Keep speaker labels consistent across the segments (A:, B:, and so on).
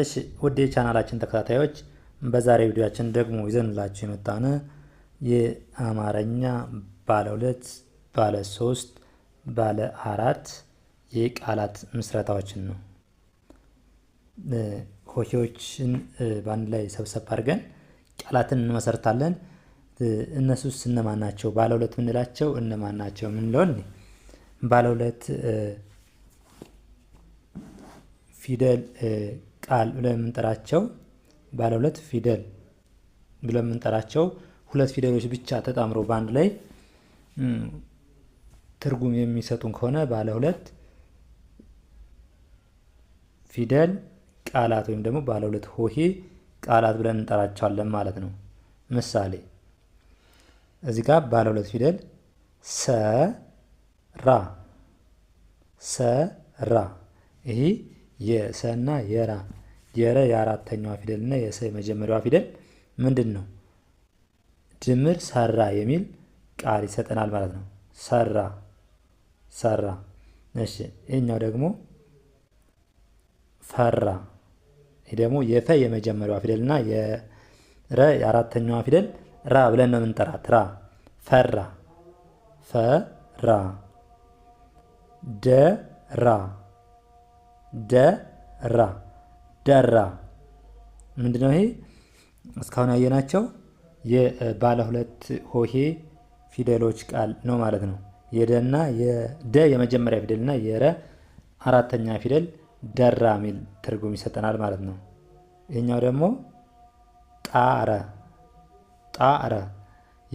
A: እሺ ውድ የቻናላችን ተከታታዮች በዛሬ ቪዲዮችን ደግሞ ይዘንላችሁ የመጣነ የአማርኛ ባለ ሁለት፣ ባለ ሶስት፣ ባለ አራት የቃላት ምስረታዎችን ነው። ሆሄዎችን በአንድ ላይ ሰብሰብ አድርገን ቃላትን እንመሰርታለን። እነሱስ እነማን ናቸው? ባለ ሁለት የምንላቸው እነማን ናቸው? ምንለውን ባለ ሁለት ፊደል ቃል ብለን የምንጠራቸው ባለ ሁለት ፊደል ብለን የምንጠራቸው ሁለት ፊደሎች ብቻ ተጣምረው በአንድ ላይ ትርጉም የሚሰጡን ከሆነ ባለ ሁለት ፊደል ቃላት ወይም ደግሞ ባለ ሁለት ሆሄ ቃላት ብለን እንጠራቸዋለን ማለት ነው። ምሳሌ እዚህ ጋር ባለ ሁለት ፊደል ሰራ ሰራ ይሄ የሰና የራ የረ የአራተኛዋ ፊደል እና የሰ የመጀመሪያዋ ፊደል ምንድን ነው? ድምር ሰራ የሚል ቃል ይሰጠናል ማለት ነው። ሰራ ሰራ። እሺ ይህኛው ደግሞ ፈራ። ይህ ደግሞ የፈ የመጀመሪያዋ ፊደል እና የረ የአራተኛዋ ፊደል ራ ብለን ነው የምንጠራት። ራ ፈራ ፈራ። ደራ ደራ ደራ ምንድነው ይሄ? እስካሁን ያየናቸው የባለ ሁለት ሆሄ ፊደሎች ቃል ነው ማለት ነው። የደና የደ የመጀመሪያ ፊደልና የረ አራተኛ ፊደል ደራ የሚል ትርጉም ይሰጠናል ማለት ነው። ይህኛው ደግሞ ጣረ ጣረ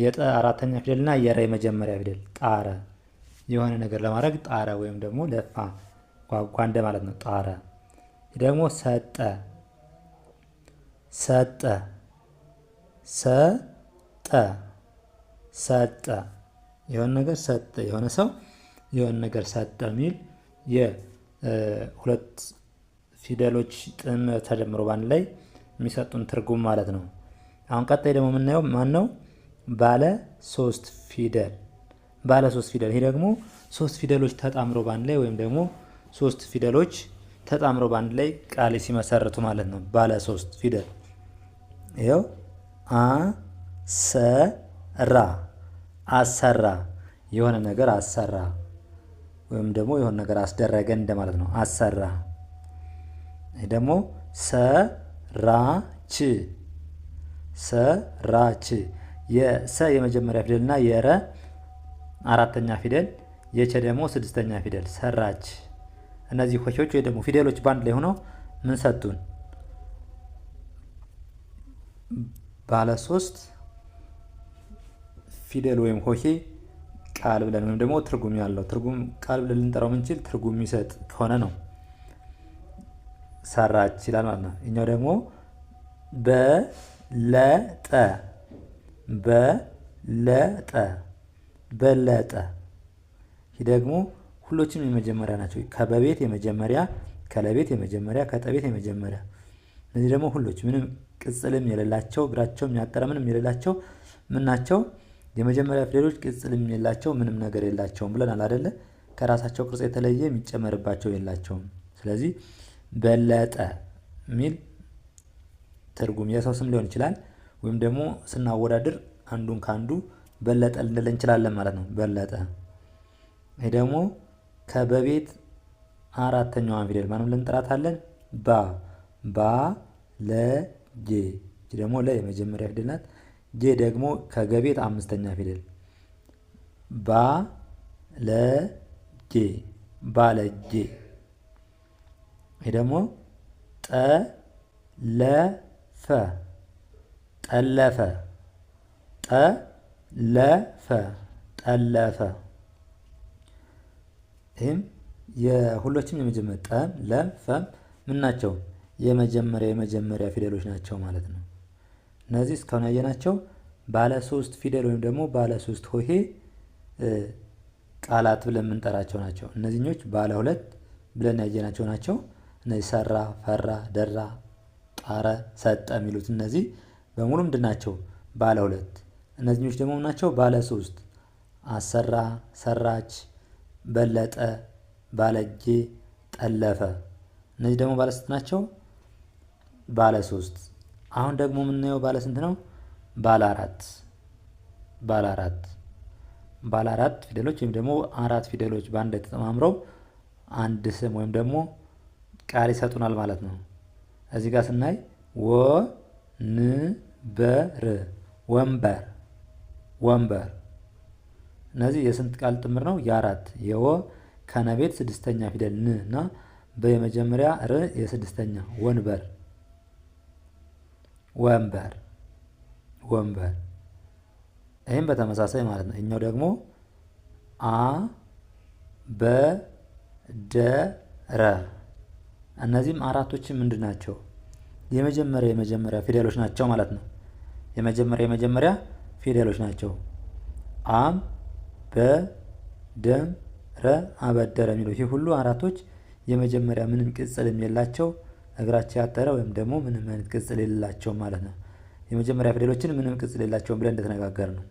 A: የጠ አራተኛ ፊደልና የረ የመጀመሪያ ፊደል ጣረ የሆነ ነገር ለማድረግ ጣረ ወይም ደግሞ ለፋ ጓጓ እንደ ማለት ነው ጣረ ደግሞ ሰጠ ሰጠ ሰጠ ሰጠ የሆነ ነገር ሰጠ የሆነ ሰው የሆነ ነገር ሰጠ የሚል የሁለት ፊደሎች ጥምር ተደምሮ ባንድ ላይ የሚሰጡን ትርጉም ማለት ነው። አሁን ቀጣይ ደግሞ የምናየው ማን ነው? ባለ ሶስት ፊደል ባለ ሶስት ፊደል ይሄ ደግሞ ሶስት ፊደሎች ተጣምሮ ባንድ ላይ ወይም ደግሞ ሶስት ፊደሎች ተጣምረው በአንድ ላይ ቃል ሲመሰርቱ ማለት ነው። ባለ ሶስት ፊደል ይኸው አ ሰ ራ አሰራ የሆነ ነገር አሰራ ወይም ደግሞ የሆነ ነገር አስደረገ እንደማለት ነው። አሰራ ይህ ደግሞ ሰራች ሰራች የሰ የመጀመሪያ ፊደል እና የረ አራተኛ ፊደል የቸ ደግሞ ስድስተኛ ፊደል ሰራች እነዚህ ሆሄዎች ወይ ደግሞ ፊደሎች በአንድ ላይ ሆነው ምን ሰጡን? ባለ ሶስት ፊደል ወይም ሆሄ ቃል ብለን ወይም ደግሞ ትርጉም ያለው ትርጉም ቃል ብለን ልንጠራው ምንችል ትርጉም የሚሰጥ ከሆነ ነው ሰራች ይላል ማለት ነው። እኛው ደግሞ በለጠ በለጠ በለጠ ይህ ደግሞ ሁሎችም የመጀመሪያ ናቸው። ከበቤት የመጀመሪያ፣ ከለቤት የመጀመሪያ፣ ከጠቤት የመጀመሪያ። እነዚህ ደግሞ ሁሎች ምንም ቅጽልም የሌላቸው እግራቸውም ያጠረ ምንም የሌላቸው ምን ናቸው? የመጀመሪያ ፊደሎች ቅጽልም የላቸው ምንም ነገር የላቸውም ብለናል አይደለ? ከራሳቸው ቅርጽ የተለየ የሚጨመርባቸው የላቸውም። ስለዚህ በለጠ የሚል ትርጉም የሰው ስም ሊሆን ይችላል። ወይም ደግሞ ስናወዳድር አንዱን ከአንዱ በለጠ ልንል እንችላለን ማለት ነው። በለጠ ይሄ ደግሞ ከበቤት አራተኛዋን ፊደል ማንም ለንጥራታለን ባ ባ ለ ጄ ደግሞ ለ የመጀመሪያ ፊደል ናት። ደግሞ ከገቤት አምስተኛ ፊደል ባ ለ ጌ ባለጌ። ይህ ደግሞ ጠ ለ ፈ ጠለፈ ጠለፈ ጠለፈ ይህም የሁሎችም የመጀመሪያ ጠም ለም ፈም ምን ናቸው? የመጀመሪያ የመጀመሪያ ፊደሎች ናቸው ማለት ነው። እነዚህ እስካሁን ያየናቸው ባለ ሶስት ፊደል ወይም ደግሞ ባለ ሶስት ሆሄ ቃላት ብለን የምንጠራቸው ናቸው። እነዚህኞች ባለ ሁለት ብለን ያየናቸው ናቸው። እነዚህ ሰራ፣ ፈራ፣ ደራ፣ ጣረ፣ ሰጠ የሚሉት እነዚህ በሙሉ ምንድን ናቸው? ባለ ሁለት። እነዚህኞች ደግሞ ናቸው ባለ ሶስት አሰራ፣ ሰራች በለጠ፣ ባለእጄ፣ ጠለፈ እነዚህ ደግሞ ባለስንት ናቸው? ባለ ሶስት። አሁን ደግሞ የምናየው ባለ ስንት ነው? ባለ አራት ባለ አራት ባለ አራት ፊደሎች ወይም ደግሞ አራት ፊደሎች በአንድ ላይ ተጠማምረው አንድ ስም ወይም ደግሞ ቃል ይሰጡናል ማለት ነው። እዚህ ጋር ስናይ ወ ን በር ወንበር ወንበር እነዚህ የስንት ቃል ጥምር ነው? የአራት የወ ከነቤት ስድስተኛ ፊደል ን እና በየመጀመሪያ ር የስድስተኛ ወንበር ወንበር ወንበር። ይህም በተመሳሳይ ማለት ነው። እኛው ደግሞ አ በ ደ ረ እነዚህም አራቶች ምንድን ናቸው? የመጀመሪያ የመጀመሪያ ፊደሎች ናቸው ማለት ነው። የመጀመሪያ የመጀመሪያ ፊደሎች ናቸው አም በደም ረ አበደረ የሚለው ይህ ሁሉ አራቶች የመጀመሪያ ምንም ቅጽልም የላቸው እግራቸው ያጠረ ወይም ደግሞ ምንም አይነት ቅጽል የሌላቸው ማለት ነው። የመጀመሪያ ፊደሎችን ምንም ቅጽል የሌላቸውን ብለን እንደተነጋገር ነው።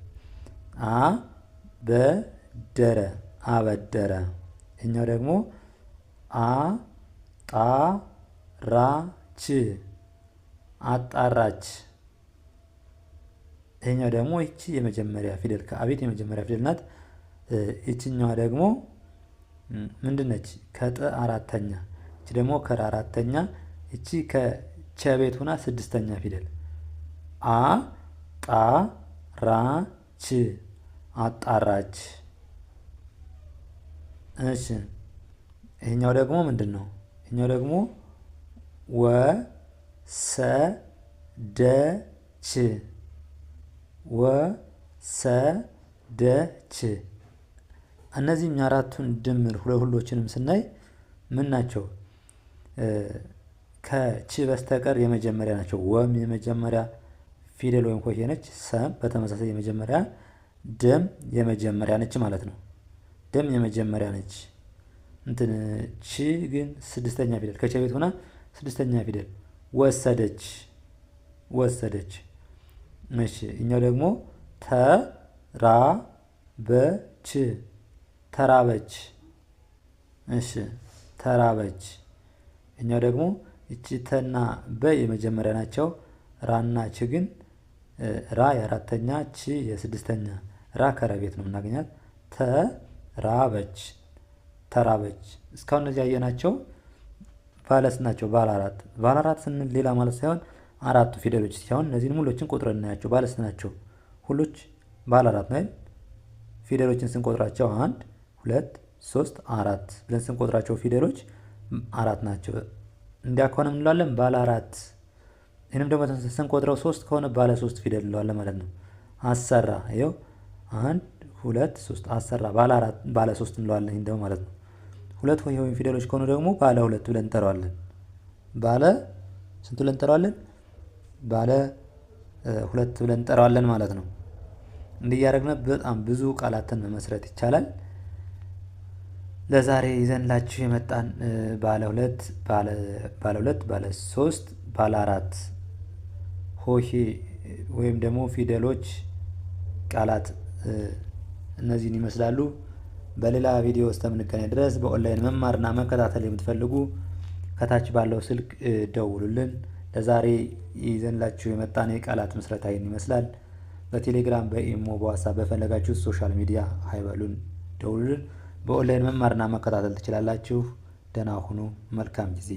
A: አ በደረ አበደረ። እኛው ደግሞ አ ጣ ራ ች አጣራች። ይህኛው ደግሞ ይቺ የመጀመሪያ ፊደል ከአቤት የመጀመሪያ ፊደል ናት። ይችኛዋ ደግሞ ምንድነች? ከጠ አራተኛ እቺ ደግሞ ከረ አራተኛ እቺ ከቸ ቤት ሆና ስድስተኛ ፊደል አ ጣ ራ ች አጣራች። እሺ ይሄኛው ደግሞ ምንድን ነው? ይሄኛው ደግሞ ወ ሰ ደ ች ወ ሰ ደ ች እነዚህም የአራቱን ድምር ሁለሁሎችንም ስናይ ምን ናቸው? ከቺ በስተቀር የመጀመሪያ ናቸው። ወም የመጀመሪያ ፊደል ወይም ኮሄ ነች። ሰም በተመሳሳይ የመጀመሪያ፣ ደም የመጀመሪያ ነች ማለት ነው። ደም የመጀመሪያ ነች። እንትን ቺ ግን ስድስተኛ ፊደል ከቺ ቤት ሆና ስድስተኛ ፊደል ወሰደች ወሰደች። እሺ እኛው ደግሞ በች ተራበች። እሺ ተራበች። እኛው ደግሞ እቺ ተና በ የመጀመሪያ ናቸው። ራና ች ግን ራ የአራተኛ ቺ የስድስተኛ ራ ከረቤት ነው የምናገኛት። ተራበች ተራበች። እስካሁን እነዚህ ያየናቸው ባለስ ናቸው። ባለ አራት ባለ አራት ስንል ሌላ ማለት ሳይሆን አራቱ ፊደሎች ሲሆን እነዚህን ሙሎችን ቆጥረን እናያቸው። ባለስ ናቸው ሁሎች ባለ አራት ነው። ፊደሎችን ስንቆጥራቸው አንድ ሁለት፣ ሶስት፣ አራት ብለን ስንቆጥራቸው ፊደሎች አራት ናቸው። እንዲያ ከሆነ እንለዋለን ባለ አራት። ይህንም ደግሞ ስንቆጥረው ሶስት ከሆነ ባለ ሶስት ፊደል እንለዋለን ማለት ነው። አሰራ ይኸው አንድ ሁለት ሶስት አሰራ ባለ ሶስት እንለዋለን። ይህን ደግሞ ማለት ነው። ሁለት ሆሄውን ፊደሎች ከሆኑ ደግሞ ባለ ሁለት ብለን እንጠራዋለን። ባለ ስንት ብለን እንጠራዋለን? ባለ ሁለት ብለን እንጠራዋለን ማለት ነው። እንዲያደረግነ በጣም ብዙ ቃላትን መመስረት ይቻላል። ለዛሬ ይዘንላችሁ የመጣን ባለ ሁለት ባለ ሁለት ባለ ሶስት ባለ አራት ሆሄ ወይም ደግሞ ፊደሎች ቃላት እነዚህን ይመስላሉ። በሌላ ቪዲዮ እስከምንገናኝ ድረስ በኦንላይን መማርና መከታተል የምትፈልጉ ከታች ባለው ስልክ ደውሉልን። ለዛሬ ይዘንላችሁ የመጣን የቃላት ምስረታ ይህን ይመስላል። በቴሌግራም፣ በኢሞ፣ በዋሳ በፈለጋችሁ ሶሻል ሚዲያ ሀይበሉን ደውሉልን። በኦንላይን መማርና መከታተል ትችላላችሁ። ደህና ሁኑ። መልካም ጊዜ